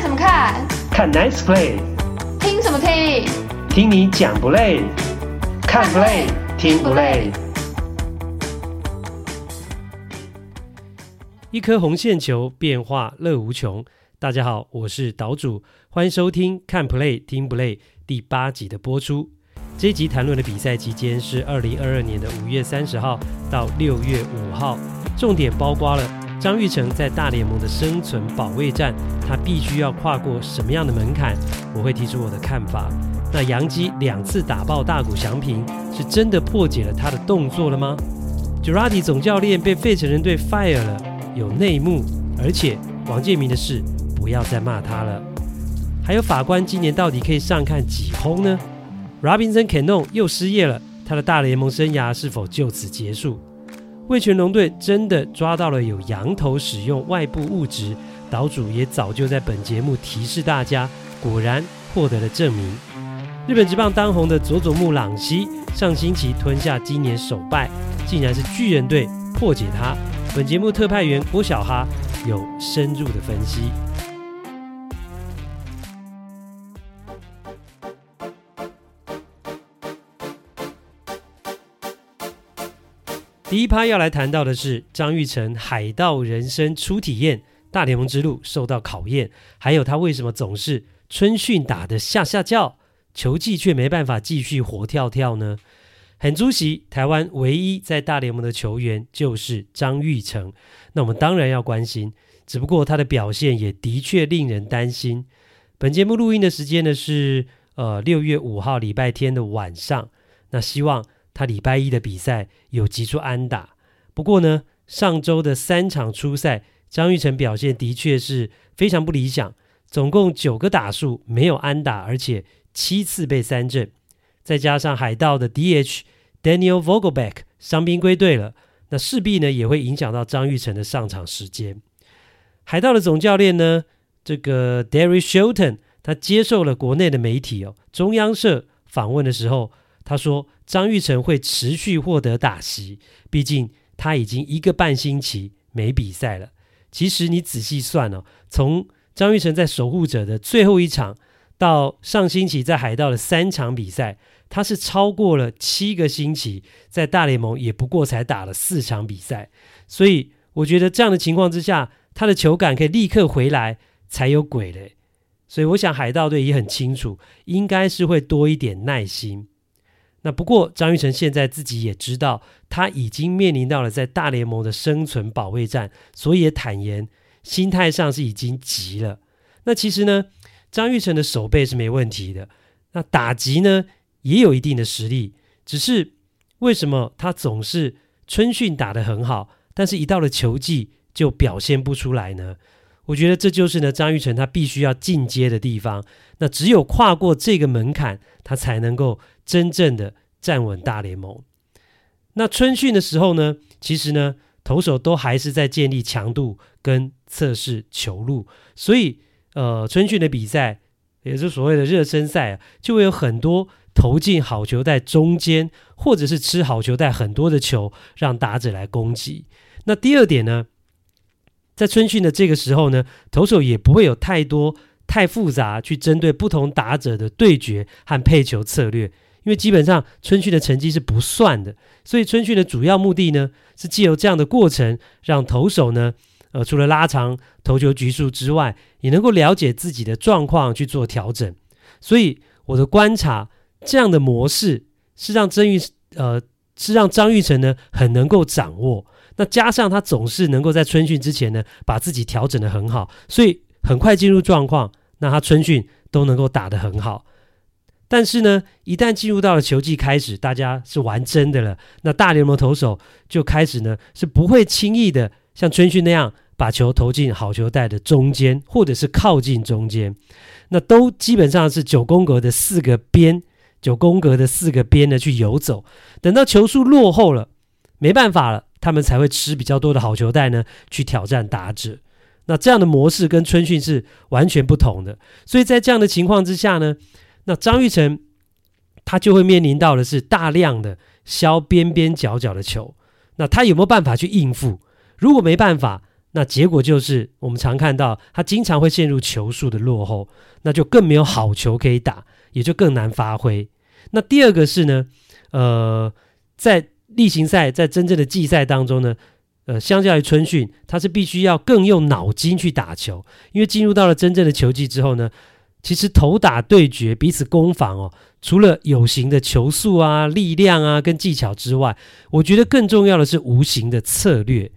看什麼看？看 Nice Play。聽什麼聽？聽你講不累？看 Play 聽不累？一顆紅線球，變化樂無窮。大家好，我是島主，歡迎收聽看 Play 聽不累第八集的播出。這集談論的比賽期間是二零二二年的五月三十號到六月五號，重點包括了。張育成在大聯盟的生存保衛戰，他必須要跨過什麼樣的門檻？我會提出我的看法。那楊基兩次打爆大谷翔平，是真的破解了他的動作了嗎？Girardi 總教練被費城人隊 fire 了，有內幕。而且王建民的事，不要再罵他了。還有法官今年到底可以上看幾轟呢？Robinson Cano 又失業了，他的大聯盟生涯是否就此結束？味全龍隊真的抓到了有羊頭使用外部物質，島主也早就在本節目提示大家，果然獲得了證明。日本職棒當紅的佐佐木朗希上星期吞下今年首敗，竟然是巨人隊破解他。本節目特派員郭小哈有深入的分析。第一趴要來談到的是張育成海盜人生初體驗，大聯盟之路受到考驗，還有他為什麼總是春訓打得嚇嚇叫，球季卻沒辦法繼續活跳跳呢？很出席。台灣唯一在大聯盟的球員就是張育成，那我們當然要關心，只不過他的表現也的確令人擔心。本節目錄音的時間呢是呃六月五號禮拜天的晚上，那希望。他禮拜一的比賽有擊出安打，不過呢，上周的三場出賽，張育成表現的確是非常不理想，總共九個打數沒有安打，而且七次被三振，再加上海盜的 D.H. Daniel Vogelback 傷兵歸隊了，那勢必呢也會影響到張育成的上場時間。海盜的總教練呢，這個 Darry Shelton 他接受了國內的媒體哦，中央社訪問的時候。他說：“張育成會持續獲得打席，畢竟他已經一個半星期沒比賽了。其實你仔細算哦，從張育成在守護者的最後一場到上星期在海盜的三場比賽，他是超過了七個星期，在大聯盟也不過才打了四場比賽。所以我覺得這樣的情況之下，他的球感可以立刻回來才有鬼嘞。所以我想海盜隊也很清楚，應該是會多一點耐心。”那不過，張育成現在自己也知道，他已經面臨到了在大聯盟的生存保衛戰，所以也坦言心態上是已經急了。那其實呢，張育成的守備是沒問題的，那打擊呢也有一定的實力，只是為什麼他總是春訓打得很好，但是一到了球季就表現不出來呢？我覺得這就是呢張育成他必須要進階的地方。那只有跨過這個門檻，他才能夠真正的站穩大聯盟。那春訓的時候呢，其實呢，投手都還是在建立強度跟測試球路，所以呃，春訓的比賽也就是所謂的熱身賽啊，就會有很多投進好球帶中間，或者是吃好球帶很多的球，讓打者來攻擊。那第二點呢，在春訓的這個時候呢，投手也不會有太多。太複雜，去針對不同打者的對決和配球策略，因為基本上春訓的成績是不算的，所以春訓的主要目的呢，是借由這樣的過程，讓投手呢，呃，除了拉長投球局數之外，也能夠了解自己的狀況去做調整。所以我的觀察，這樣的模式是讓張育，呃，是讓張育成呢很能夠掌握。那加上他總是能夠在春訓之前呢，把自己調整得很好，所以很快進入狀況。那他春訓都能夠打得很好，但是呢，一旦進入到了球季開始，大家是玩真的了。那大聯盟投手就開始呢，是不會輕易的像春訓那樣把球投進好球帶的中間，或者是靠近中間，那都基本上是九宮格的四個邊，九宮格的四個邊呢去遊走。等到球數落後了，沒辦法了，他們才會吃比較多的好球帶呢，去挑戰打者。那這樣的模式跟春訓是完全不同的，所以在這樣的情況之下呢，那張育成他就會面臨到的是大量的削邊邊角角的球，那他有沒有辦法去應付？如果沒辦法，那結果就是我們常看到他經常會陷入球數的落後，那就更沒有好球可以打，也就更難發揮。那第二個是呢，呃，在例行賽在真正的季賽當中呢。呃，相較於春訓，他是必須要更用腦筋去打球，因為進入到了真正的球季之後呢，其實投打對決、彼此攻防哦，除了有形的球速啊、力量啊跟技巧之外，我覺得更重要的是無形的策略，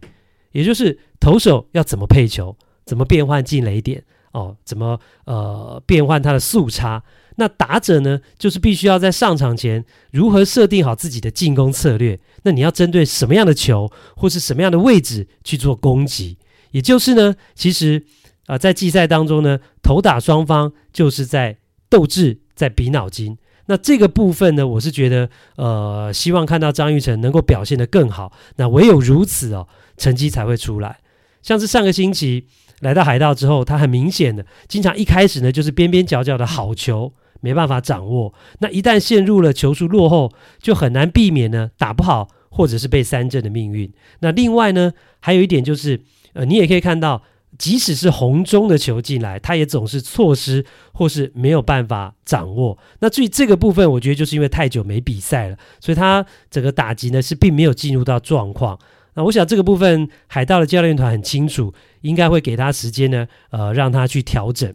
也就是投手要怎麼配球、怎麼變換進壘點哦、怎麼呃變換他的速差。那打者呢，就是必須要在上場前如何設定好自己的進攻策略。那你要針對什麼樣的球或是什麼樣的位置去做攻擊，也就是呢，其實啊，呃，在季賽當中呢，投打雙方就是在鬥智，在比腦筋。那這個部分呢，我是覺得呃，希望看到張育成能夠表現得更好。那唯有如此哦，成績才會出來。像是上個星期來到海盜之後，他很明顯的，經常一開始呢就是邊邊角角的好球。沒辦法掌握，那一旦陷入了球數落後，就很難避免呢，打不好或者是被三振的命運。那另外呢，還有一點就是，呃，你也可以看到，即使是紅中的球進來，他也總是錯失或是沒有辦法掌握。那至於這個部分，我覺得就是因為太久沒比賽了，所以他整個打擊呢是並沒有進入到狀況。那我想這個部分，海盜的教練團很清楚，應該會給他時間呢，呃，讓他去調整。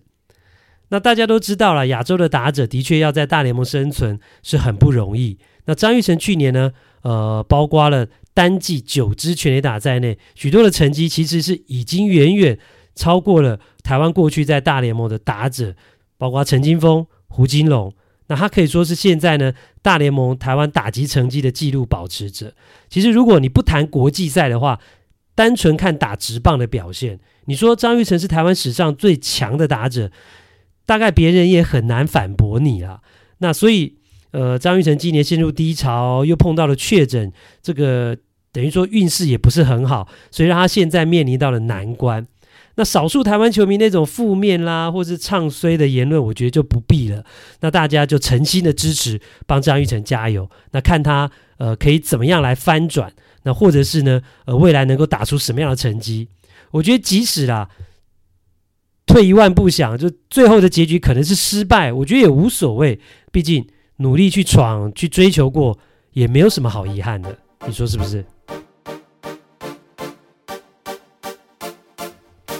那大家都知道啦，亞洲的打者的確要在大聯盟生存是很不容易。那張育成去年呢，呃，包括了單季九支全壘打在內，許多的成績其實是已經遠遠超過了台灣過去在大聯盟的打者，包括陳金鋒、胡金龍。那他可以說是現在呢，大聯盟台灣打擊成績的紀錄保持者。其實如果你不談國際賽的話，單純看打職棒的表現，你說張育成是台灣史上最強的打者，大概別人也很難反駁你啊，那所以，呃，張育成今年陷入低潮，又碰到了確診，這個等於說運勢也不是很好，所以讓他現在面臨到了難關。那少數台灣球迷那種負面啦，或是唱衰的言論，我覺得就不必了。那大家就誠心的支持，幫張育成加油，那看他呃可以怎麼樣來翻轉，那或者是呢，呃未來能夠打出什麼樣的成績？我覺得即使啦、啊。退一萬步想，就最後的結局可能是失敗，我覺得也無所謂。畢竟努力去闖、去追求過，也沒有什麼好遺憾的。你說是不是？嗯、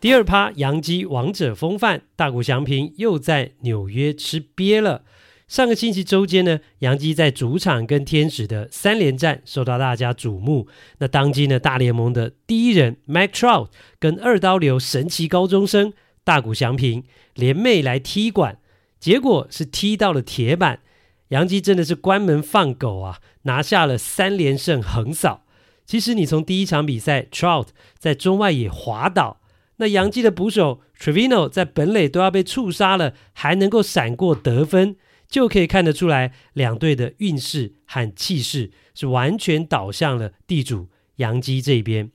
第二趴，洋基王者風範，大谷翔平又在紐約吃癟了。上個星期周間呢，洋基在主場跟天使的三連戰受到大家矚目。那當今呢大聯盟的第一人 Mike Trout 跟二刀流神奇高中生大谷翔平聯袂來踢館，結果是踢到了鐵板。洋基真的是關門放狗啊，拿下了三連勝橫掃。其實你從第一場比賽，Trout 在中外野滑倒，那洋基的捕手 Trevino 在本壘都要被觸殺了，還能夠閃過得分。就可以看得出來，兩隊的運勢和氣勢是完全倒向了地主洋基這邊。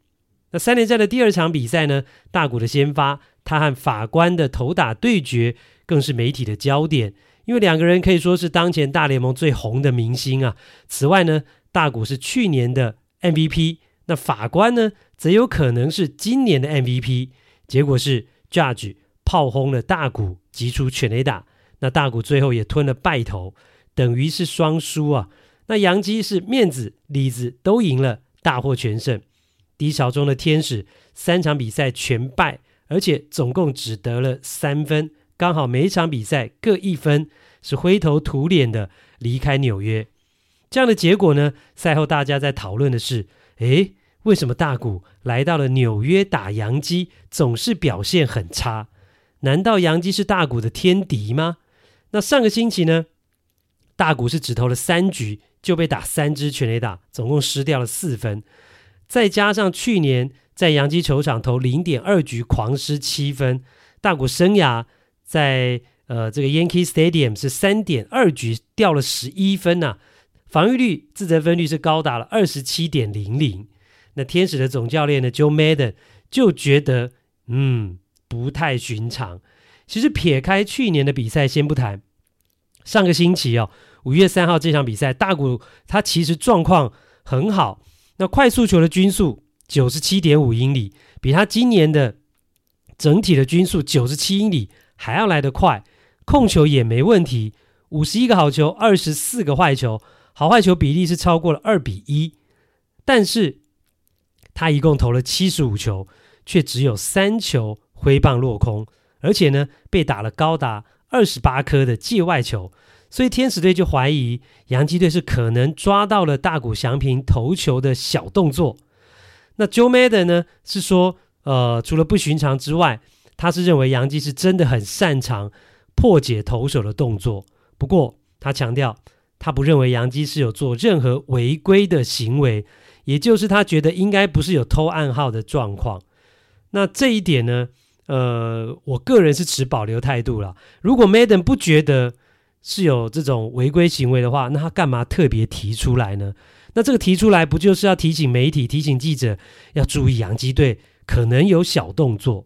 那三連戰的第二場比賽呢，大谷的先發，他和法官的投打對決更是媒體的焦點，因為兩個人可以說是當前大聯盟最紅的明星啊。此外呢，大谷是去年的 MVP，那法官呢，則有可能是今年的 MVP。結果是 Judge 炮轟了大谷，擊出全壘打。那大谷最後也吞了敗投，等於是雙輸啊。那洋基是面子、裡子都贏了，大獲全勝。低潮中的天使三場比賽全敗，而且總共只得了三分，剛好每場比賽各一分，是灰頭土臉的離開紐約。這樣的結果呢，賽後大家在討論的是：誒，為什麼大谷來到了紐約打洋基總是表現很差？難道洋基是大谷的天敵嗎？那上個星期呢，大谷是只投了三局就被打三支全壘打，總共失掉了四分，再加上去年在洋基球場投零點二局狂失七分，大谷生涯在呃這個 Yankee Stadium 是三點二局掉了十一分吶、啊，防禦率自責分率是高達了二十七點零零，那天使的總教練呢 Joe Madden 就覺得嗯不太尋常。其實撇開去年的比賽先不談，上個星期哦，五月三號這場比賽，大谷他其實狀況很好。那快速球的均速九十七點五英里，比他今年的整體的均速九十七英里還要來得快。控球也沒問題，五十一個好球，二十四個壞球，好壞球比例是超過了二比一。但是，他一共投了七十五球，卻只有三球揮棒落空。而且呢，被打了高達二十八顆的界外球，所以天使隊就懷疑洋基隊是可能抓到了大谷翔平投球的小動作。那 Joe Madden 呢，是說，呃，除了不尋常之外，他是認為洋基是真的很擅長破解投手的動作。不過他強調，他不認為洋基是有做任何違規的行為，也就是他覺得應該不是有偷暗號的狀況。那這一點呢？呃，我個人是持保留態度啦。如果 Maddon 不覺得是有這種違規行為的話，那他幹嘛特別提出來呢？那這個提出來不就是要提醒媒體、提醒記者要注意洋基隊可能有小動作？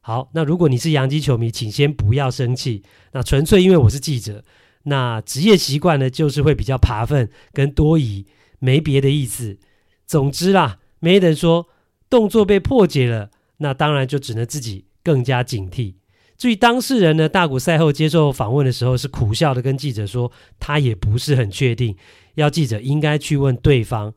好，那如果你是洋基球迷，請先不要生氣。那純粹因為我是記者，那職業習慣呢，就是會比較扒糞跟多疑，沒別的意思。總之啦，Maddon 說動作被破解了，那當然就只能自己。更加警惕。至於當事人呢，大谷賽後接受訪問的時候是苦笑的，跟記者說他也不是很確定，要記者應該去問對方。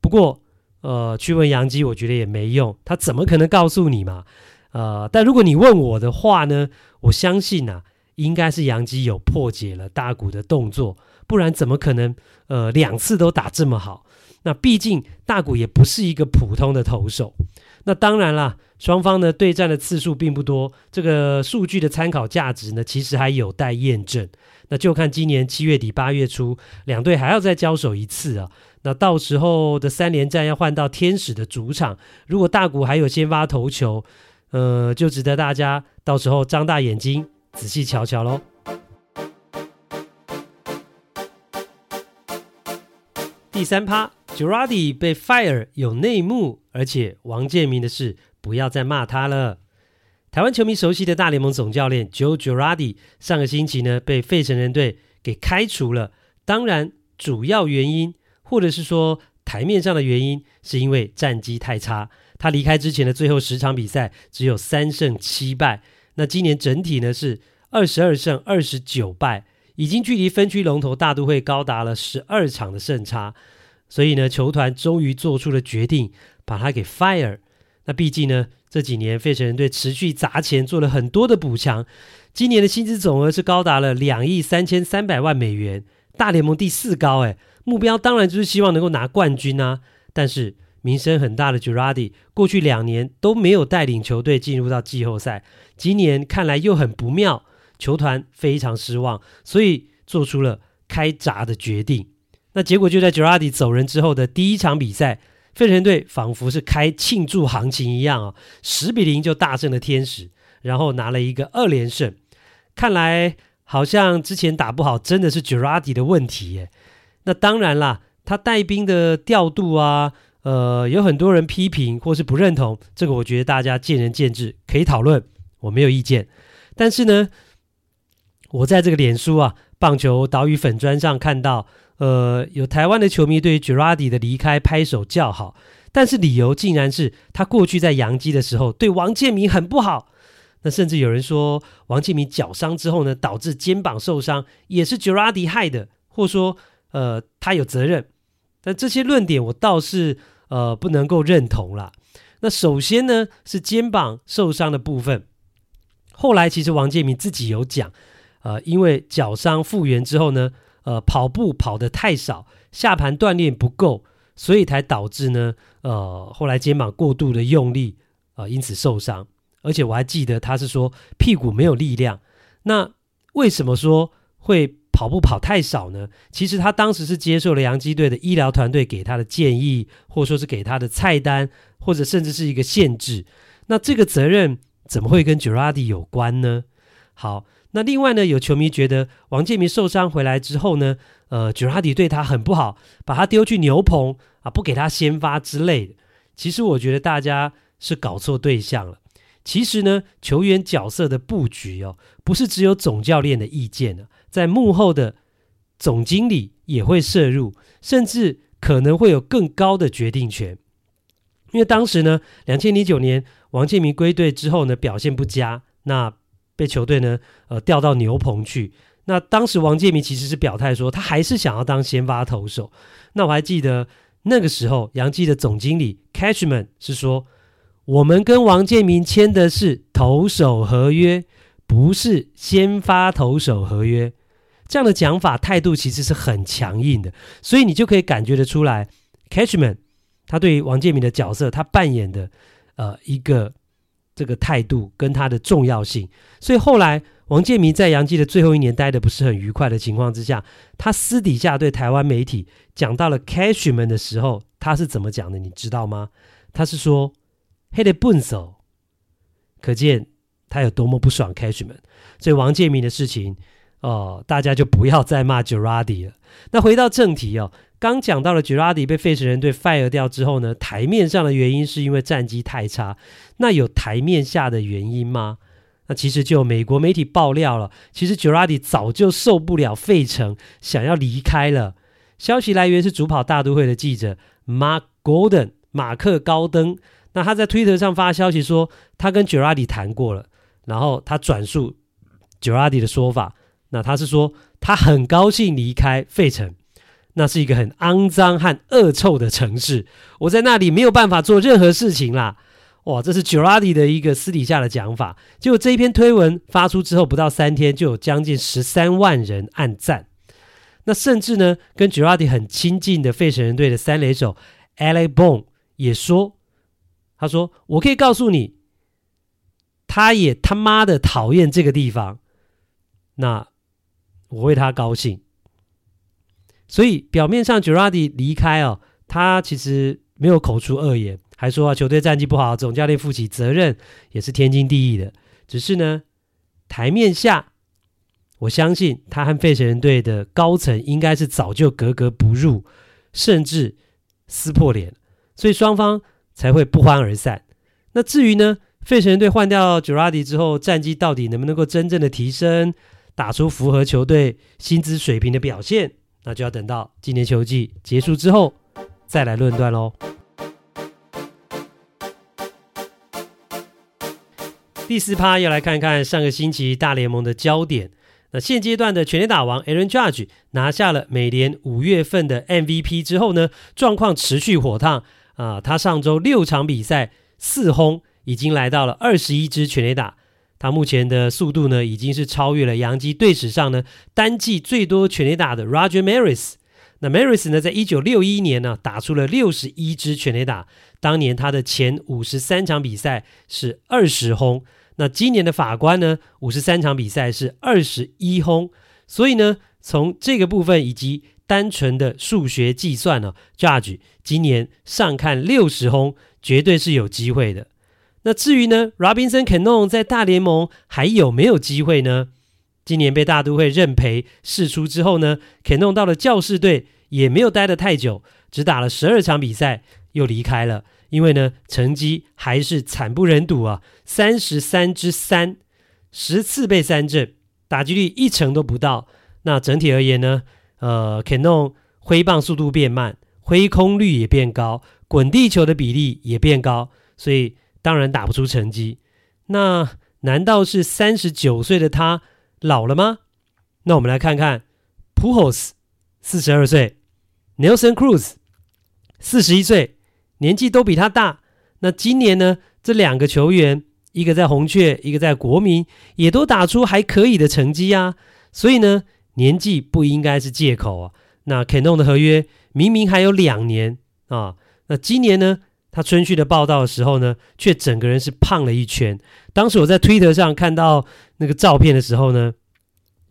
不過，呃，去問洋基我覺得也沒用，他怎麼可能告訴你嘛？呃，但如果你問我的話呢，我相信啊，應該是洋基有破解了大谷的動作，不然怎麼可能呃兩次都打這麼好？那畢竟大谷也不是一個普通的投手。那當然啦，雙方呢對戰的次數並不多，這個數據的參考價值呢，其實還有待驗證。那就看今年七月底八月初兩隊還要再交手一次啊。那到時候的三連戰要換到天使的主場，如果大谷還有先發投球，呃，就值得大家到時候張大眼睛仔細瞧瞧嘍。第三趴。Girardi 被 fire 有內幕，而且王建民的事不要再罵他了。台灣球迷熟悉的大聯盟總教練 Joe Girardi 上個星期呢被費城人隊給開除了，當然主要原因或者是說台面上的原因，是因為戰績太差。他離開之前的最後十場比賽只有三勝七敗，那今年整體呢是二十二勝二十九敗，已經距離分區龍頭大都會高達了十二場的勝差。所以呢，球團終於做出了決定，把他給 fire。那畢竟呢，這幾年費城人隊持續砸錢，做了很多的補強，今年的薪資總額是高達了兩億三千三百萬美元，大聯盟第四高。誒，目標當然就是希望能夠拿冠軍啊。但是名聲很大的 Girardi 過去兩年都沒有帶領球隊進入到季後賽，今年看來又很不妙，球團非常失望，所以做出了開鍘的決定。那結果就在 Girardi 走人之後的第一場比賽，費城隊仿佛是開慶祝行情一樣哦，十比零就大勝了天使，然後拿了一個二連勝。看來好像之前打不好真的是 Girardi 的問題耶。那當然啦，他帶兵的調度啊，呃，有很多人批評或是不認同，這個我覺得大家見仁見智，可以討論，我沒有意見。但是呢，我在這個臉書啊，棒球島嶼粉專上看到。呃，有台灣的球迷對於 Girardi 的離開拍手叫好，但是理由竟然是他過去在揚基的時候對王建民很不好，那甚至有人說王建民腳傷之後呢，導致肩膀受傷也是 Girardi 害的，或說呃他有責任。但這些論點我倒是呃不能夠認同啦。那首先呢是肩膀受傷的部分，後來其實王建民自己有講，呃因為腳傷復原之後呢。呃，跑步跑得太少，下盤鍛鍊不夠，所以才導致呢，呃，後來肩膀過度的用力，呃，因此受傷。而且我還記得他是說屁股沒有力量。那為什麼說會跑步跑太少呢？其實他當時是接受了洋基隊的醫療團隊給他的建議，或是說是給他的菜單，或者甚至是一個限制。那這個責任怎麼會跟 Girardi 有關呢？好。那另外呢，有球迷覺得王建民受傷回來之後呢，呃，喬拉弟對他很不好，把他丟去牛棚啊，不給他先發之類的。其實我覺得大家是搞錯對象了。其實呢，球員角色的佈局哦，不是只有總教練的意見啊，在幕後的總經理也會涉入，甚至可能會有更高的決定權。因為當時呢，兩千零九年王建民歸隊之後呢，表現不佳，那。被球隊呢，呃，調到牛棚去。那當時王建民其實是表態說，他還是想要當先發投手。那我還記得那個時候，洋基的總經理 Cashman 是說，我們跟王建民簽的是投手合約，不是先發投手合約。這樣的講法態度其實是很強硬的，所以你就可以感覺得出來，Cashman 他對於王建民的角色，他扮演的，呃，一個。這個態度跟他的重要性，所以後來王建民在洋基的最後一年待得不是很愉快的情況之下，他私底下對台灣媒體講到了 Cashman 的時候，他是怎麼講的？你知道嗎？他是說“黑的笨手”，可見他有多麼不爽 Cashman。所以王建民的事情，哦，大家就不要再罵 Girardi 了。那回到正題哦。剛講到了 Girardi 被費城人隊 fire 掉之後呢，台面上的原因是因為戰績太差。那有台面下的原因嗎？那其實就有美國媒體爆料了，其實 Girardi 早就受不了費城，想要離開了。消息來源是主跑大都會的記者 Mark Golden，馬克高登。那他在推特上發消息說，他跟 Girardi 談過了，然後他轉述 Girardi 的說法，那他是說他很高興離開費城。那是一個很骯髒和惡臭的城市，我在那裡沒有辦法做任何事情啦。哇，這是 Girardi 的一個私底下的講法。結果這一篇推文發出之後，不到三天就有將近十三萬人按讚。那甚至呢，跟 Girardi 很親近的費城人隊的三壘手 Alec Bohm 也說，他說：“我可以告訴你，他也他媽的討厭這個地方。”那我為他高興。所以表面上 Girardi 離開哦，他其實沒有口出惡言，還說啊，球隊戰績不好，總教練負起責任也是天經地義的。只是呢，台面下，我相信他和費城人隊的高層應該是早就格格不入，甚至撕破臉，所以雙方才會不歡而散。那至於呢，費城人隊換掉 Girardi 之後，戰績到底能不能夠真正的提升，打出符合球隊薪資水平的表現？那就要等到今年球季結束之後再來論斷嘍。第四趴要來看看上個星期大聯盟的焦點。那現階段的全壘打王 Aaron Judge 拿下了每年五月份的 MVP 之後呢，狀況持續火燙啊、呃！他上周六場比賽四轟，已經來到了二十一支全壘打。他目前的速度呢，已經是超越了洋基隊史上呢單季最多全壘打的 Roger Maris。那 Maris 呢，在一九六一年呢、啊，打出了六十一支全壘打。當年他的前五十三場比賽是二十轟。那今年的法官呢，五十三場比賽是二十一轟。所以呢，從這個部分以及單純的數學計算呢、啊，Judge 今年上看六十轟，絕對是有機會的。那至於呢，Robinson 肯諾在大聯盟還有沒有機會呢？今年被大都會認賠釋出之後呢，肯諾到了教士隊也沒有待得太久，只打了十二場比賽又離開了，因為呢，成績還是慘不忍睹啊，三十三之三，十次被三振，打擊率一成都不到。那整體而言呢，呃，肯諾揮棒速度變慢，揮空率也變高，滾地球的比例也變高，所以，當然打不出成績，那難道是三十九歲的他老了嗎？那我們來看看，Pujols 四十二歲，Nelson Cruz 四十一歲，年紀都比他大。那今年呢？這兩個球員，一個在紅雀，一個在國民，也都打出還可以的成績啊。所以呢，年紀不應該是借口啊。那 Canó 的合約明明還有兩年啊，那今年呢？他春訓的報道的時候呢，卻整個人是胖了一圈。當時我在推特上看到那個照片的時候呢，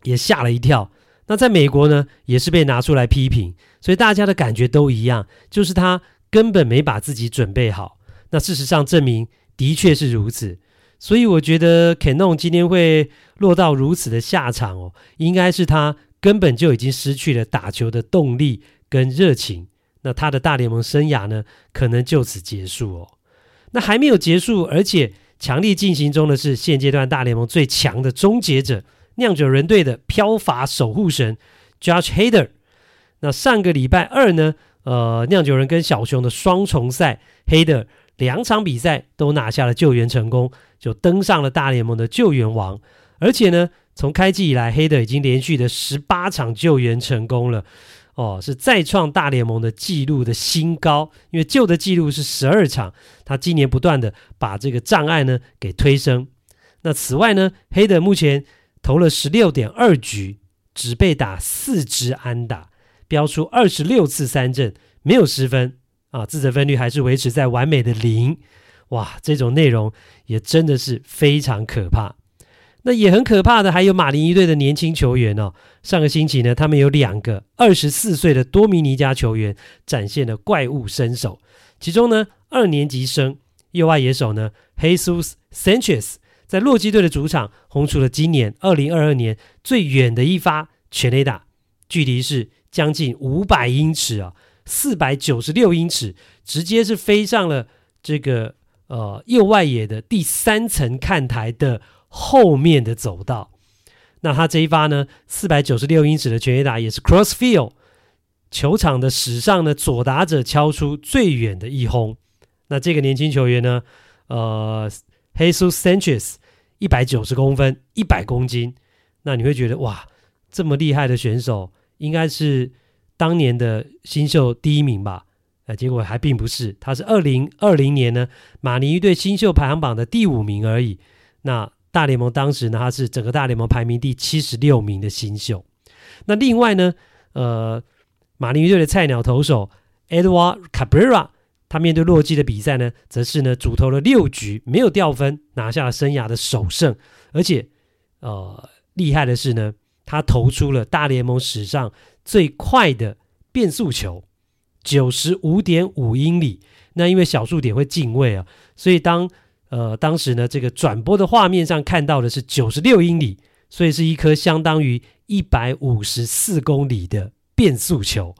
也嚇了一跳。那在美國呢，也是被拿出來批評，所以大家的感覺都一樣，就是他根本沒把自己準備好。那事實上證明的確是如此。所以我覺得坎諾今天會落到如此的下場哦，應該是他根本就已經失去了打球的動力跟熱情。那他的大聯盟生涯呢，可能就此結束哦。那還沒有結束，而且強力進行中的是現階段大聯盟最強的終結者——釀酒人隊的漂法守護神 Josh Hader。那上個禮拜二呢，呃，釀酒人跟小熊的雙重賽，Hader 兩場比賽都拿下了救援成功，就登上了大聯盟的救援王。而且呢，從開季以來，Hader 已經連續的十八場救援成功了。哦，是再創大聯盟的紀錄的新高，因為舊的紀錄是十二場，他今年不斷的把這個障礙呢給推升。那此外呢，黑德目前投了十六點二局，只被打四支安打，飆出二十六次三振，沒有失分啊，自責分率還是維持在完美的零。哇，這種內容也真的是非常可怕。那也很可怕的，還有馬林魚隊的年輕球員哦。上個星期呢，他們有兩個二十四歲的多米尼加球員展現了怪物身手。其中呢，二年級生右外野手呢，Jesus Sanchez，在洛基隊的主場轟出了今年二零二二年最遠的一發全壘打，a, 距離是將近五百英尺啊、哦，四百九十六英尺，直接是飛上了這個呃右外野的第三層看台的。後面的走道，那他這一發呢，四百九十六英尺的全壘打也是 Crossfield 球場的史上的左打者敲出最遠的一轟。那這個年輕球員呢，呃，Jesus Sanchez，一百九十公分，一百公斤，那你會覺得哇，這麼厲害的選手，應該是當年的新秀第一名吧？哎、呃，結果還並不是，他是二零二零年呢馬尼隊新秀排行榜的第五名而已。那。大聯盟當時呢，他是整個大聯盟排名第七十六名的新秀。那另外呢，呃，馬林魚隊的菜鳥投手 Edward Cabrera，他面對洛基的比賽呢，則是呢主投了六局，沒有掉分，拿下了生涯的首勝。而且，呃，厲害的是呢，他投出了大聯盟史上最快的變速球，九十五點五英里。那因為小數點會進位啊，所以當。呃，當時呢，這個轉播的畫面上看到的是九十六英里，所以是一顆相當於一百五十四公里的變速球。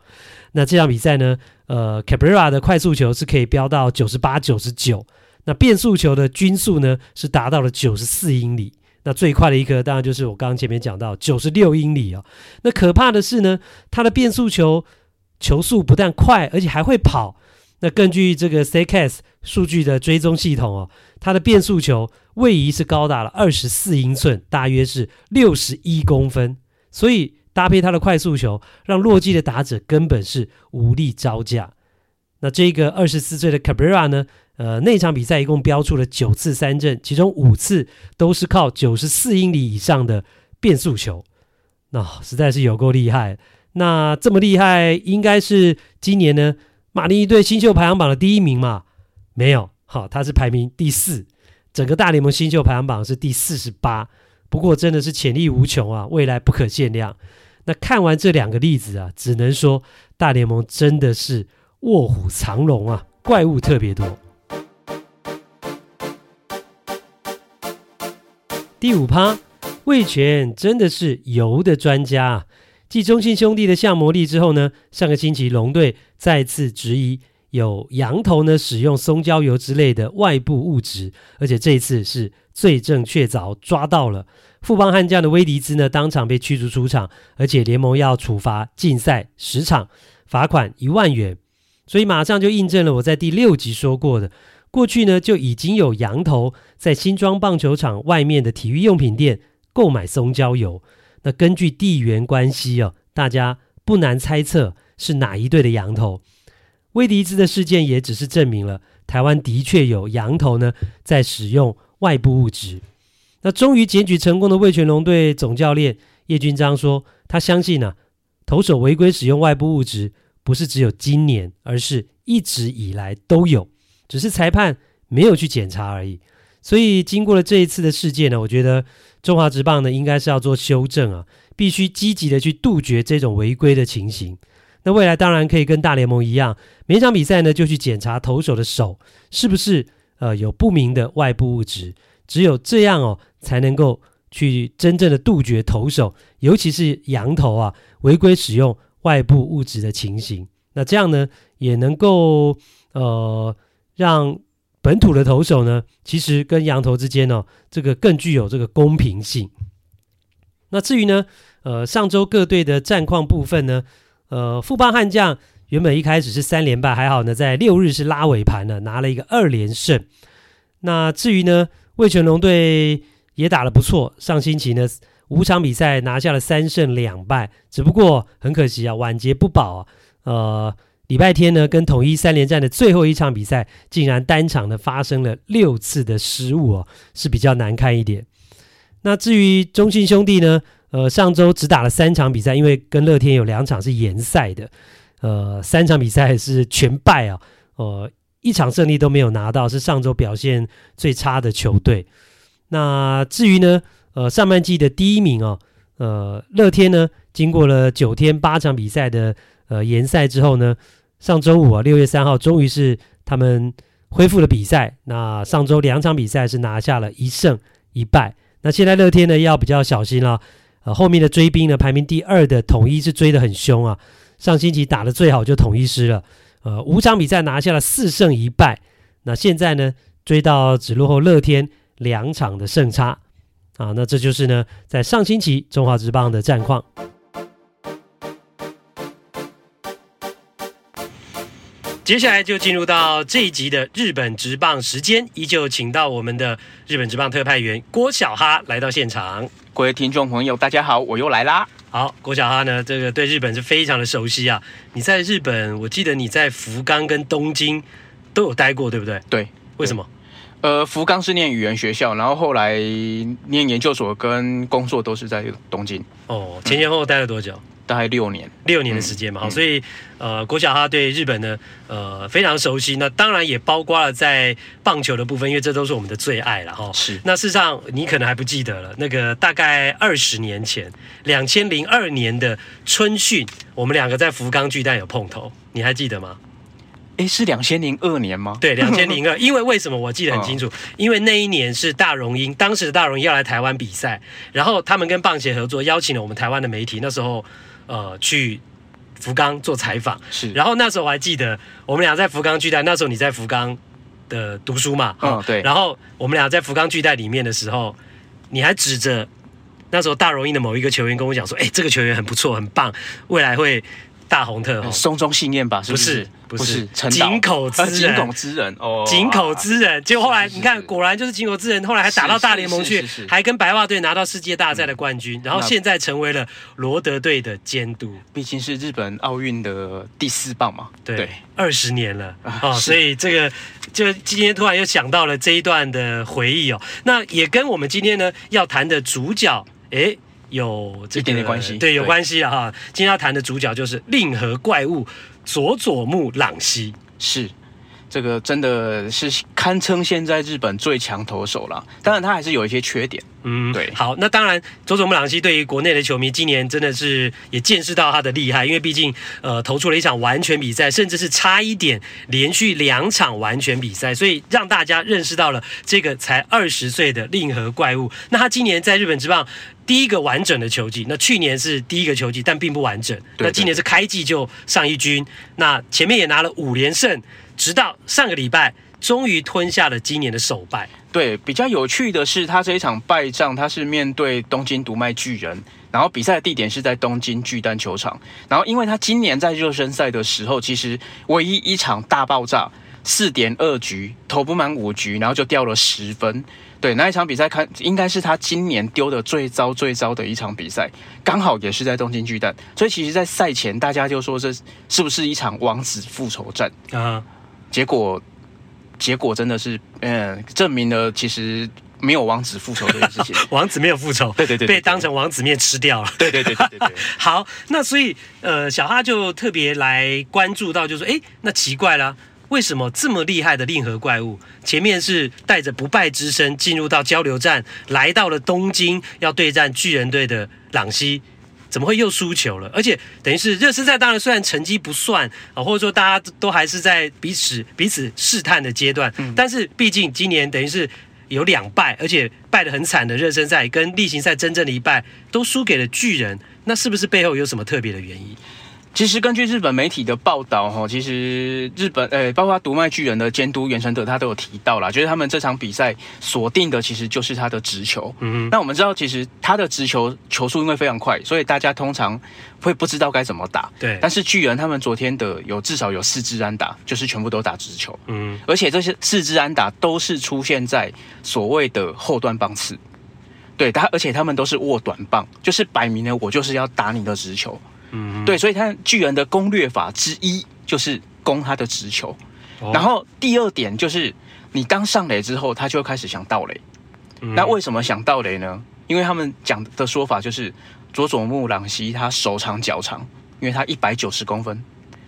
那這場比賽呢，呃，Cabrera 的快速球是可以飆到九十八、九十九，那變速球的均速呢是達到了九十四英里。那最快的一顆當然就是我剛剛前面講到九十六英里哦。那可怕的是呢，他的變速球球速不但快，而且還會跑。那根據這個 Statcast 數據的追蹤系統哦，它的變速球位移是高達了二十四英寸，大約是六十一公分。所以搭配它的快速球，讓洛基的打者根本是無力招架。那這個二十四歲的 Cabrera 呢，呃，那場比賽一共標出了九次三振，其中五次都是靠九十四英里以上的變速球。那、哦、實在是有夠厲害。那這麼厲害，應該是今年呢，馬力一隊新秀排行榜的第一名嘛？沒有，好、哦，他是排名第四，整個大聯盟新秀排行榜是第四十八，不過真的是潛力無窮啊，未來不可限量。那看完這兩個例子啊，只能說大聯盟真的是臥虎藏龍啊，怪物特別多。嗯、第五趴，味全真的是油的專家、啊。繼中信兄弟的象魔力之後呢，上個星期龍隊再次質疑有羊頭呢使用松焦油之類的外部物質，而且這一次是罪證確鑿，抓到了富邦悍將的威迪茲呢，當場被驅逐出場，而且聯盟要處罰禁賽十場，罰款一萬元，所以馬上就印證了我在第六集說過的，過去呢就已經有羊頭在新莊棒球場外面的體育用品店購買松焦油。那根據地緣關係哦、啊，大家不難猜測是哪一隊的洋投。威迪茲的事件也只是證明了台灣的確有洋投呢在使用外部物質。那終於檢舉成功的味全龍隊總教練葉君璋說：“他相信呢、啊，投手違規使用外部物質不是只有今年，而是一直以來都有，只是裁判沒有去檢查而已。”所以，經過了這一次的事件呢，我覺得中華職棒呢，應該是要做修正啊，必須積極的去杜絕這種違規的情形。那未來當然可以跟大聯盟一樣，每一場比賽呢就去檢查投手的手是不是呃有不明的外部物質，只有這樣哦，才能夠去真正的杜絕投手，尤其是洋投啊違規使用外部物質的情形。那這樣呢，也能夠呃讓。本土的投手呢，其實跟洋投之間哦，這個更具有這個公平性。那至於呢，呃，上周各隊的戰況部分呢，呃，富邦悍將原本一開始是三連敗，還好呢，在六日是拉尾盤呢，拿了一個二連勝。那至於呢，味全龍隊也打得不錯，上星期呢五場比賽拿下了三勝兩敗，只不過很可惜啊，晚節不保啊，呃。禮拜天呢，跟統一三連戰的最後一場比賽，竟然單場的發生了六次的失誤哦，是比較難看一點。那至於中信兄弟呢，呃，上周只打了三場比賽，因為跟樂天有兩場是延賽的，呃，三場比賽是全敗啊、哦，呃，一場勝利都沒有拿到，是上周表現最差的球隊。那至於呢，呃，上半季的第一名哦，呃，樂天呢，經過了九天八場比賽的呃延賽之後呢。上周五啊，六月三號，終於是他們恢復了比賽。那上周兩場比賽是拿下了一勝一敗。那現在樂天呢要比較小心了哦，呃，後面的追兵呢，排名第二的統一是追得很凶啊。上星期打得最好就統一獅了，呃，五場比賽拿下了四勝一敗。那現在呢，追到只落後樂天兩場的勝差啊。那這就是呢，在上星期中華職棒的戰況。接下來就進入到這一集的日本職棒時間，依舊請到我們的日本職棒特派員郭小哈來到現場。各位聽眾朋友，大家好，我又來啦。好，郭小哈呢，這個對日本是非常的熟悉啊。你在日本，我記得你在福岡跟東京都有待過，對不對？對。為什麼？呃，福岡是念語言學校，然後後來念研究所跟工作都是在東京。哦，前前後後待了多久？嗯大概六年，六年的時間嘛，嗯嗯、所以，呃，郭小哈對日本呢，呃，非常熟悉。那當然也包括了在棒球的部分，因為這都是我們的最愛了，哈。是。那事實上，你可能還不記得了，那個大概二十年前，兩千零二年的春訓，我們兩個在福岡巨蛋有碰頭，你還記得嗎？哎、欸，是兩千零二年嗎？對，兩千零二。因為為什麼我記得很清楚？嗯、因為那一年是大榮鷹，當時的大榮鷹要來台灣比賽，然後他們跟棒協合作，邀請了我們台灣的媒體，那時候。呃，去福岡做採訪，是。然後那時候我還記得，我們倆在福岡巨蛋，那時候你在福岡的讀書嘛，嗯，嗯對。然後我們倆在福岡巨蛋裡面的時候，你還指着那時候大榮鷹的某一個球員跟我講說：“哎、欸，這個球員很不錯，很棒，未來會大紅特紅。”松中信彥吧，是不是？不是不是井口資仁，井口資仁哦，井口資仁。結果後來你看，果然就是井口資仁，後來還打到大聯盟去，還跟白襪隊拿到世界大賽的冠軍，然後現在成為了羅德隊的監督。畢竟是日本奧運的第四棒嘛，對，二十年了啊，所以這個就今天突然又想到了這一段的回憶哦。那也跟我們今天呢要談的主角，哎，有一點點關係，對，有關係啊。哈。今天要談的主角就是令和怪物。佐佐木朗希是。這個真的是堪稱現在日本最強投手了，當然他還是有一些缺點。嗯，對。好，那當然，佐佐木朗希對於國內的球迷，今年真的是也見識到他的厲害，因為畢竟呃投出了一場完全比賽，甚至是差一點連續兩場完全比賽，所以讓大家認識到了這個才二十歲的令和怪物。那他今年在日本職棒第一個完整的球季，那去年是第一個球季，但並不完整。對對對。那今年是開季就上一軍，那前面也拿了五連勝。直到上個禮拜，終於吞下了今年的首敗。對，比較有趣的是，他這一場敗仗，他是面對東京讀賣巨人，然後比賽的地點是在東京巨蛋球場。然後，因為他今年在熱身賽的時候，其實唯一一場大爆炸，四點二局投不滿五局，然後就掉了十分。對，那一場比賽看應該是他今年丟的最糟最糟的一場比賽，剛好也是在東京巨蛋。所以，其實，在賽前大家就說，這是不是一場王子復仇戰？啊、uh。Huh. 結果，結果真的是，嗯，證明了其實沒有王子復仇的事情，王子沒有復仇，對，對對對，被當成王子面吃掉了，對對對，對，對對對， 好，那所以，呃，小哈就特別來關注到、就是，就說，哎，那奇怪了，為什麼這麼厲害的令和怪物，前面是帶着不敗之身進入到交流站，來到了東京，要對戰巨人隊的朗希。嗯怎麼會又輸球了？而且等於是熱身賽，當然雖然成績不算啊，或者說大家都還是在彼此彼此試探的階段。嗯。但是畢竟今年等於是有兩敗，而且敗得很慘的熱身賽跟例行賽真正的一敗，都輸給了巨人。那是不是背後有什麼特別的原因？其實根據日本媒體的報道，哈，其實日本誒、欸，包括他讀賣巨人的監督原辰德，他都有提到啦，就是他們這場比賽鎖定的其實就是他的直球。嗯,嗯，那我們知道，其實他的直球球速因為非常快，所以大家通常會不知道該怎麼打。對，但是巨人他們昨天的有至少有四支安打，就是全部都打直球。嗯,嗯，而且這些四支安打都是出現在所謂的後段棒次。對，他而且他們都是握短棒，就是擺明了我就是要打你的直球。嗯，mm hmm. 對，所以他巨人的攻略法之一就是攻他的直球，oh. 然後第二點就是你剛上壘之後，他就開始想盜壘。Mm hmm. 那為什麼想盜壘呢？因為他們講的說法就是佐佐木朗希他手長腳長，因為他一百九十公分，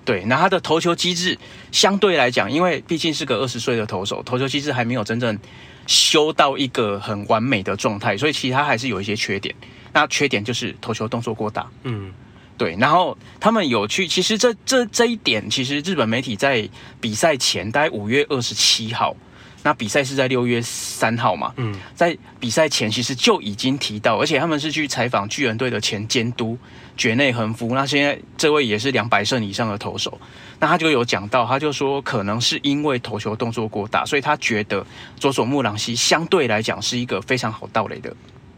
對，那他的投球機制相對來講，因為畢竟是個二十歲的投手，投球機制還沒有真正修到一個很完美的狀態，所以其他還是有一些缺點。那缺點就是投球動作過大，嗯、mm。Hmm. 對，然後他們有去，其實這這這一點，其實日本媒體在比賽前，大概五月二十七號，那比賽是在六月三號嘛，嗯，在比賽前其實就已經提到，而且他們是去採訪巨人隊的前監督堀內恆夫，那現在這位也是兩百勝以上的投手，那他就有講到，他就說可能是因為投球動作過大，所以他覺得佐佐木朗希相對來講是一個非常好盜壘的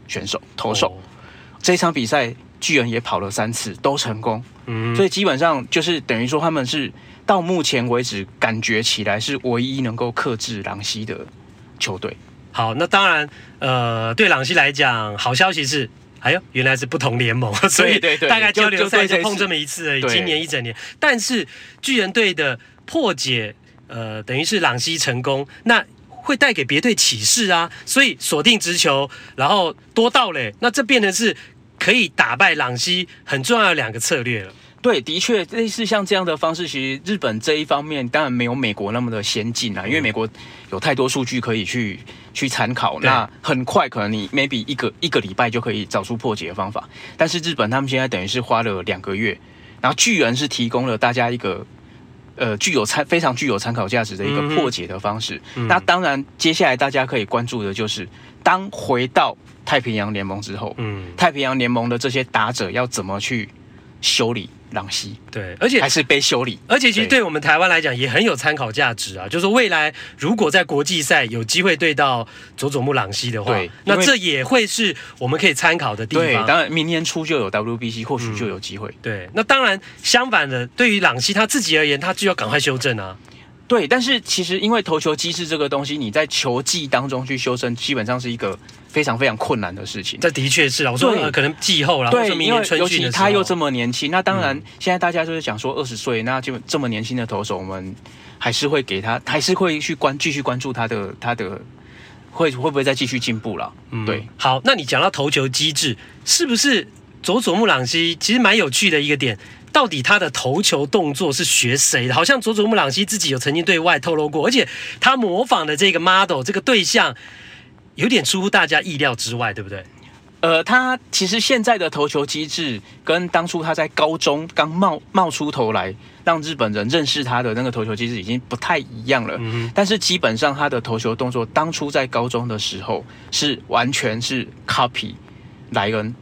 選手，投手、哦、這一場比賽。巨人也跑了三次，都成功，嗯，所以基本上就是等於說他們是到目前為止感覺起來是唯一能夠克制朗希的球隊。好，那當然，呃，對朗希來講，好消息是，哎呦，原來是不同聯盟，所以大概交流賽就碰這麼一次而已，對對對，就，就對這次。對，今年一整年。但是巨人隊的破解，呃，等於是朗希成功，那會帶給別隊啟示啊，所以鎖定直球，然後多到嘞，那這變成是。可以打敗朗希，很重要的兩個策略了。對，的確，類似像這樣的方式，其實日本這一方面當然沒有美國那麼的先進啊，嗯、因為美國有太多數據可以去去參考。對那很快可能你 maybe 一個一個禮拜就可以找出破解的方法，但是日本他們現在等於是花了兩個月，然後巨人是提供了大家一個呃具有參非常具有參考價值的一個破解的方式。嗯、那當然，接下來大家可以關注的就是當回到。太平洋聯盟之後，嗯，太平洋聯盟的這些打者要怎麼去修理朗希？對，而且還是被修理。而且其實對我們台灣來講也很有參考價值啊。對就是說未來如果在國際賽有機會對到佐佐木朗希的話，對那這也會是我們可以參考的地方。對，當然明年初就有 WBC，或許就有機會。嗯，對，那當然相反的，對於朗希他自己而言，他就要趕快修正啊。對，但是其實因為投球機制這個東西，你在球技當中去修身，基本上是一個非常非常困難的事情。這的確是啊，對，可能季後啦，說對明年春訓，尤其他又這麼年輕，嗯、那當然現在大家就是講說二十歲，那就這麼年輕的投手，我們還是會給他，還是會去關繼續關注他的他的會會不會再繼續進步啦。嗯、對，好，那你講到投球機制，是不是佐佐木朗希其實蠻有趣的一個點？到底他的投球動作是學誰的？好像佐佐木朗希自己有曾經對外透露過，而且他模仿的這個 model 這個對象有點出乎大家意料之外，對不對？呃，他其實現在的投球機制跟當初他在高中剛冒冒出頭來，讓日本人認識他的那個投球機制已經不太一樣了。嗯哼，但是基本上他的投球動作當初在高中的時候，是完全是 copy 萊恩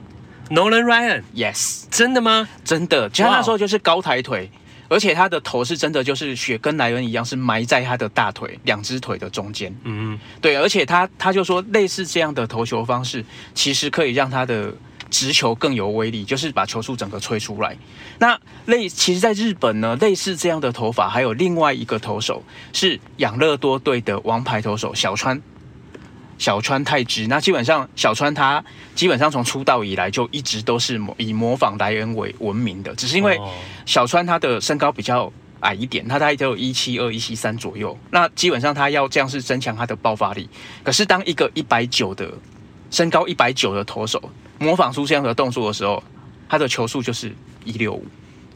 Nolan Ryan，yes，真的嗎？真的，其實他那時候就是高抬腿，Wow 而且他的頭是真的就是血跟萊恩一樣，是埋在他的大腿兩只腿的中間。嗯嗯、mm，hmm. 對，而且他他就說，類似這樣的投球方式，其實可以讓他的直球更有威力，就是把球速整個催出來。那類其實在日本呢，類似這樣的投法，還有另外一個投手是養樂多隊的王牌投手小川。小川泰之，那基本上小川他基本上從出道以來就一直都是模以模仿萊恩為聞名的，只是因為小川他的身高比較矮一點，他大概就有一七二一七三左右。那基本上他要這樣是增強他的爆發力，可是當一個一百九的身高一百九的投手模仿出這樣的動作的時候，他的球速就是一六五，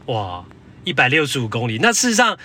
哇，一百六十五公里。那事實上。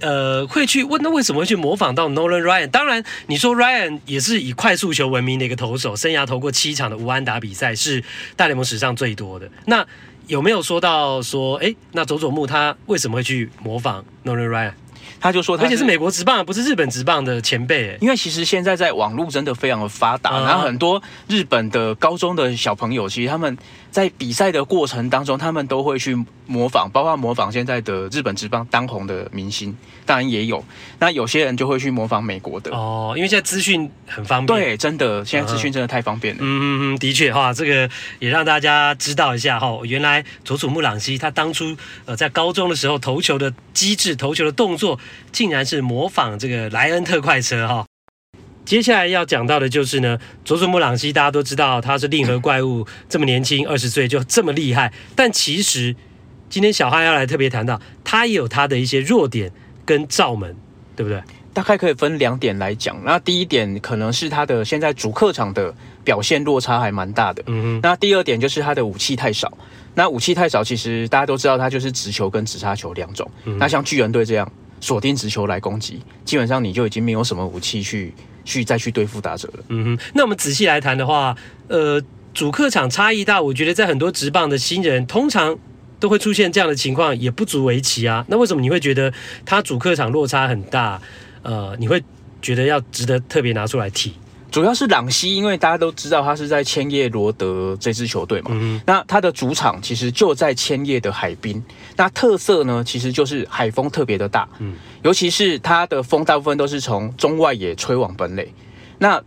呃，會去問那為什麼會去模仿到 Nolan Ryan？當然，你說 Ryan 也是以快速球聞名的一個投手，生涯投過七場的無安打比賽，是大聯盟史上最多的。那有沒有說到說，哎、欸，那佐佐木他為什麼會去模仿 Nolan Ryan？他就說他，而且是美國職棒，不是日本職棒的前輩、欸。因為其實現在在網絡真的非常的發達，uh huh. 然後很多日本的高中的小朋友，其實他們。在比賽的過程當中，他們都會去模仿，包括模仿現在的日本職棒當紅的明星，當然也有。那有些人就會去模仿美國的哦，因為現在資訊很方便。對，真的，現在資訊真的太方便了。嗯嗯嗯，的確哈、哦，這個也讓大家知道一下哈、哦，原來佐佐木朗希他當初呃在高中的時候投球的機制，投球的動作，竟然是模仿這個萊恩特快車哈。哦接下來要講到的就是呢，佐佐木朗希，大家都知道他是令和怪物， 這麼年輕二十歲就這麼厲害。但其實今天小哈要來特別談到，他也有他的一些弱點跟罩門，對不對？大概可以分兩點來講。那第一點可能是他的現在主客場的表現落差還蠻大的。嗯哼那第二點就是他的武器太少。那武器太少，其實大家都知道，他就是直球跟指叉球兩種。嗯、哼那像巨人隊這樣鎖定直球來攻擊，基本上你就已經沒有什麼武器去。去再去對付打者了。嗯哼，那我們仔細來談的話，呃，主客場差異大，我覺得在很多職棒的新人，通常都會出現這樣的情況，也不足為奇啊。那為什麼你會覺得他主客場落差很大？呃，你會覺得要值得特別拿出來提？主要是朗希，因為大家都知道他是在千葉羅德這支球隊嘛，那他的主場其實就在千葉的海濱，那特色呢其實就是海風特別的大，尤其是他的風大部分都是從中外野吹往本壘，那，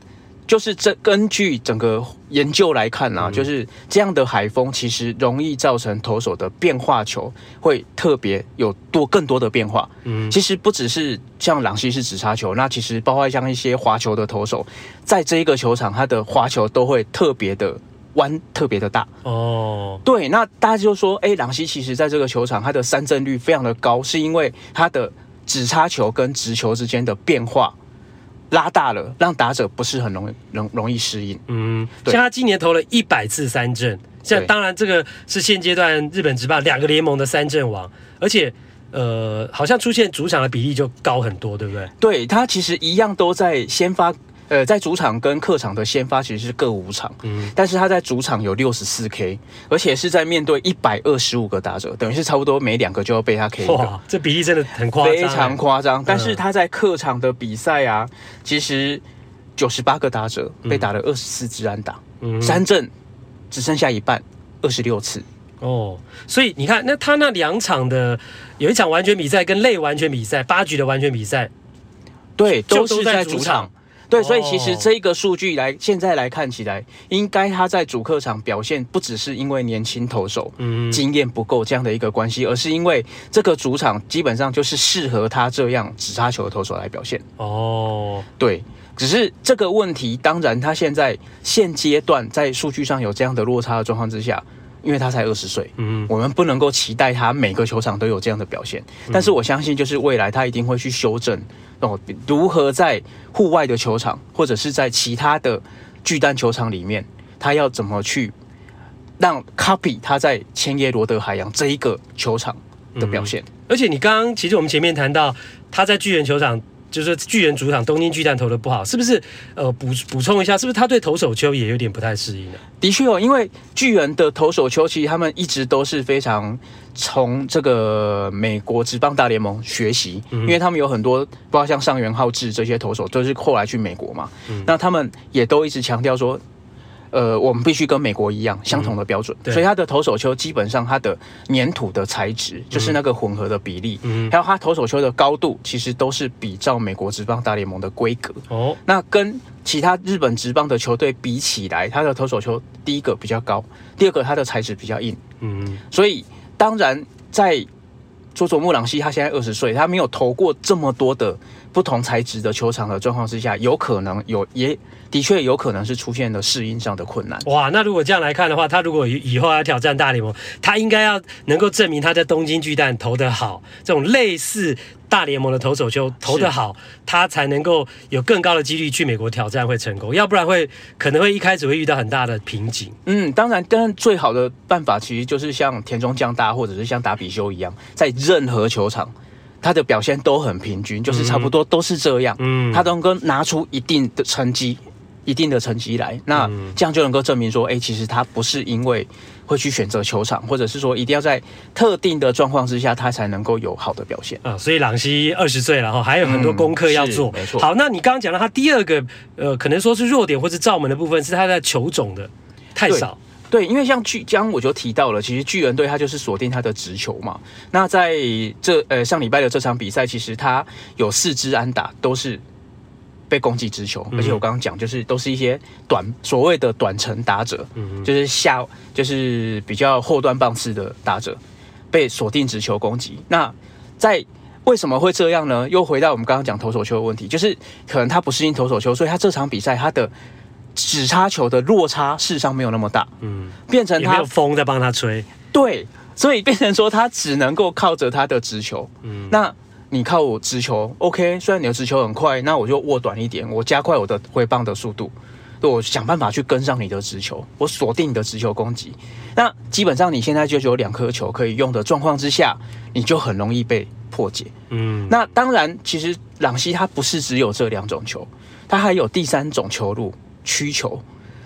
就是這根據整個研究來看呢、啊，嗯、就是這樣的海風其實容易造成投手的變化球會特別有多更多的變化。嗯，其實不只是像朗希是指叉球，那其實包括像一些滑球的投手，在這一個球場，它的滑球都會特別的彎，特別的大。哦，對，那大家就說，誒、欸，朗希其實在這個球場，它的三振率非常的高，是因為它的指叉球跟直球之間的變化。拉大了，讓打者不是很容易容容易適應。嗯，像他今年投了一百次三振，像當然這個是現階段日本職棒兩個聯盟的三振王，而且呃好像出現主場的比例就高很多，對不對？對，他其實一樣都在先發。呃，在主場跟客場的先發其實是各五場，嗯，但是他在主場有六十四 K，而且是在面對一百二十五個打者，等於是差不多每兩個就要被他 K 一個，哇，這比例真的很誇張，欸，非常誇張。但是他在客場的比賽啊，嗯、其實九十八個打者被打了二十四支安打，嗯、三振只剩下一半，二十六次哦。所以你看，那他那兩場的有一場完全比賽跟類完全比賽，八局的完全比賽，對，就都是在主場。嗯對，所以其實這個數據來、oh. 現在來看起來，應該他在主客場表現不只是因為年輕投手、嗯、經驗不夠這樣的一個關係，而是因為這個主場基本上就是適合他這樣指叉球的投手來表現。哦，oh. 對，只是這個問題，當然他現在現階段在數據上有這樣的落差的狀況之下。因為他才二十歲，嗯，我們不能夠期待他每個球場都有這樣的表現。但是我相信，就是未來他一定會去修正哦，如何在戶外的球場或者是在其他的巨蛋球場裡面，他要怎麼去讓 copy 他在千葉羅德海洋這一個球場的表現。而且你剛剛其實我們前面談到他在巨人球場。就是巨人主場東京巨蛋投的不好，是不是？呃，補補充一下，是不是他對投手丘也有點不太適應了？的確哦，因為巨人的投手丘其實他們一直都是非常從這個美國職棒大聯盟學習，嗯、因為他們有很多，包括像上原浩治這些投手，都、就是後來去美國嘛。嗯、那他們也都一直強調說。呃，我們必須跟美國一樣，相同的標準。嗯、所以他的投手球基本上，它的粘土的材質，就是那個混合的比例，嗯嗯、還有他投手球的高度，其實都是比照美國職棒大聯盟的規格。哦，那跟其他日本職棒的球隊比起來，他的投手球，第一個比較高，第二個他的材質比較硬。嗯，所以當然，在佐佐木朗希，他現在二十歲，他沒有投過這麼多的。不同材質的球場的狀況之下，有可能有、也的確有可能是出現了適應上的困難。哇，那如果這樣來看的話，他如果以後要挑戰大聯盟，他應該要能夠證明他在東京巨蛋投得好，這種類似大聯盟的投手球投得好，是他才能夠有更高的幾率去美國挑戰會成功。要不然會可能會一開始會遇到很大的瓶頸。嗯，當然，當然最好的辦法其實就是像田中將大或者是像達比修一樣，在任何球場，他的表現都很平均，就是差不多都是這樣，嗯嗯、他都能夠拿出一定的成績、一定的成績來。那這樣就能夠證明說，哎、欸，其實他不是因為會去選擇球場，或者是說一定要在特定的狀況之下他才能夠有好的表現啊。所以朗希二十歲了哈，還有很多功課要做。嗯、沒錯，好，那你剛剛講到他第二個呃，可能說是弱點或是罩門的部分，是他在球種的太少。對，因為像巨將，我就提到了，其實巨人隊他就是鎖定他的直球嘛。那在這呃上禮拜的這場比賽，其實他有四支安打都是被攻擊直球，而且我剛剛講就是都是一些短所謂的短程打者，嗯、哼就是下就是比較後段棒次的打者被鎖定直球攻擊。那在為什麼會這樣呢？又回到我們剛剛講投手球的問題，就是可能他不適應投手球，所以他這場比賽他的。指叉球的落差事實上沒有那麼大，嗯，變成他有風在幫他吹，對，所以變成說他只能夠靠着他的直球，嗯，那你靠我直球，OK，雖然你的直球很快，那我就握短一點，我加快我的揮棒的速度，對，我想辦法去跟上你的直球，我鎖定你的直球攻擊，那基本上你現在就有兩顆球可以用的狀況之下，你就很容易被破解，嗯，那當然其實朗希他不是只有這兩種球，他還有第三種球路。曲球，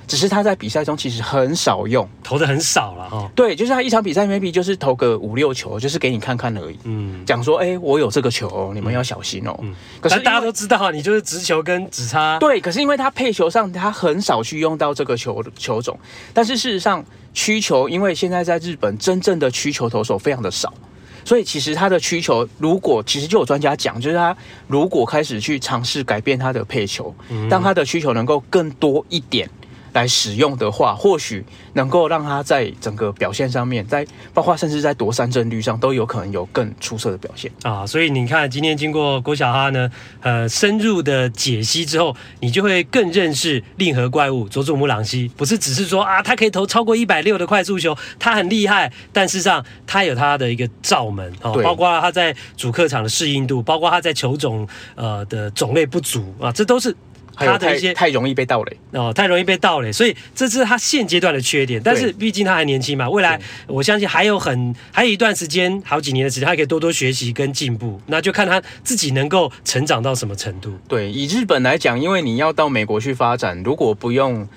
只是他在比賽中其實很少用，投的很少了哈。哦、對，就是他一場比賽 maybe 就是投個五六球，就是給你看看而已。嗯，講說，哎、欸，我有這個球，你們要小心哦、喔嗯。嗯，可是大家都知道，你就是直球跟指叉，對，可是因為他配球上，他很少去用到這個球球種。但是事實上，曲球因為現在在日本真正的曲球投手非常的少。所以其實他的需求，如果其實就有專家講，就是他如果開始去嘗試改變他的配球，嗯，讓他的需求能夠更多一點。來使用的話，或許能夠讓他在整個表現上面，在包括甚至在奪三振率上，都有可能有更出色的表現啊。所以你看，今天經過郭小哈呢，呃，深入的解析之後，你就會更認識令和怪物佐佐木朗希。不是只是說啊，他可以投超過一百六的快速球，他很厲害，但事實上他有他的一個罩門啊，哦、對包括他在主客場的適應度，包括他在球種呃的種類不足啊，這都是。他的一些太容易被盜壘哦，太容易被盜壘，所以這是他現階段的缺點。但是畢竟他還年輕嘛，未來對我相信還有很還有一段時間，好幾年的時間，他可以多多學習跟進步。那就看他自己能夠成長到什麼程度。對，以日本來講，因為你要到美國去發展，如果不用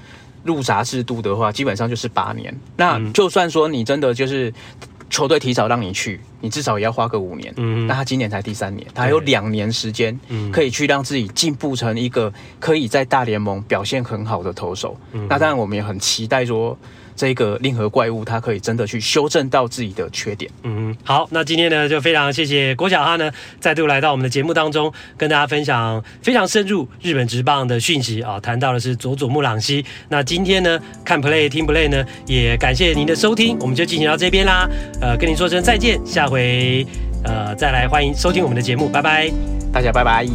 入札制度的話，基本上就是八年。那就算說你真的就是。嗯球隊提早讓你去，你至少也要花個五年。嗯，那他今年才第三年，他還有兩年時間，可以去讓自己進步成一個可以在大聯盟表現很好的投手。嗯哼，那當然，我們也很期待說。這個令和怪物，它可以真的去修正到自己的缺點。嗯嗯，好，那今天呢，就非常謝謝郭小哈呢再度來到我們的節目當中，跟大家分享非常深入日本職棒的訊息啊，談到的是佐佐木朗希。那今天呢，看 play 聽 play 呢，也感謝您的收聽，我們就進行到這邊啦。呃，跟您說聲再見，下回呃再來歡迎收聽我們的節目，拜拜，大家拜拜。